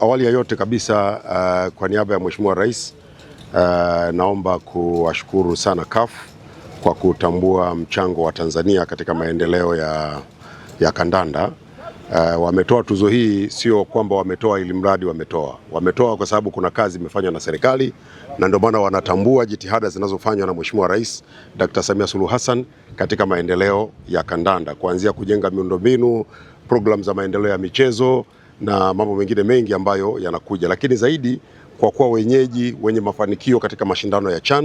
Awali ya yote kabisa uh, kwa niaba ya Mheshimiwa Rais uh, naomba kuwashukuru sana CAF kwa kutambua mchango wa Tanzania katika maendeleo ya, ya kandanda. Uh, wametoa tuzo hii, sio kwamba wametoa ili mradi wametoa, wametoa kwa sababu kuna kazi imefanywa na serikali, na ndio maana wanatambua jitihada zinazofanywa na Mheshimiwa Rais Dr. Samia Suluhu Hassan katika maendeleo ya kandanda, kuanzia kujenga miundombinu, programu za maendeleo ya michezo na mambo mengine mengi ambayo yanakuja, lakini zaidi kwa kuwa wenyeji wenye mafanikio katika mashindano ya CHAN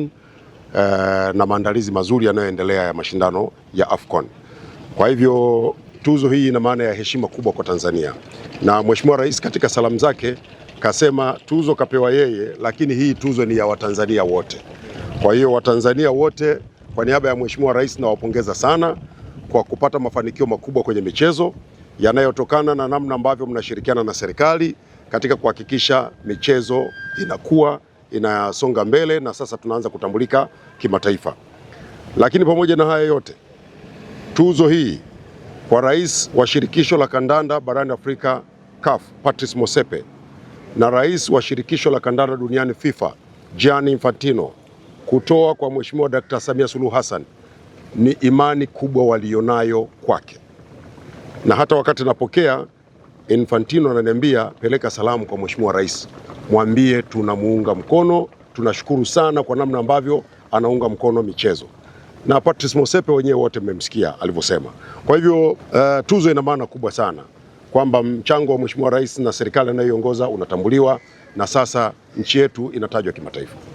uh, na maandalizi mazuri yanayoendelea ya mashindano ya AFCON. Kwa hivyo tuzo hii ina maana ya heshima kubwa kwa Tanzania, na Mheshimiwa Rais katika salamu zake kasema tuzo kapewa yeye, lakini hii tuzo ni ya Watanzania wote. Kwa hiyo Watanzania wote kwa niaba ya Mheshimiwa Rais nawapongeza sana kwa kupata mafanikio makubwa kwenye michezo yanayotokana na namna ambavyo mnashirikiana na serikali katika kuhakikisha michezo inakuwa inasonga mbele na sasa tunaanza kutambulika kimataifa. Lakini pamoja na haya yote, tuzo hii kwa rais wa shirikisho la kandanda barani Afrika CAF Patrice Motsepe na rais wa shirikisho la kandanda duniani FIFA Gianni Infantino kutoa kwa Mheshimiwa dr Samia Suluhu Hassan ni imani kubwa walionayo kwake na hata wakati napokea Infantino ananiambia peleka salamu kwa Mheshimiwa Rais, mwambie tunamuunga mkono, tunashukuru sana kwa namna ambavyo anaunga mkono michezo na Patrice Mosepe wenyewe wote mmemsikia alivyosema. Kwa hivyo uh, tuzo ina maana kubwa sana kwamba mchango wa Mheshimiwa Rais na serikali anayoiongoza unatambuliwa na sasa nchi yetu inatajwa kimataifa.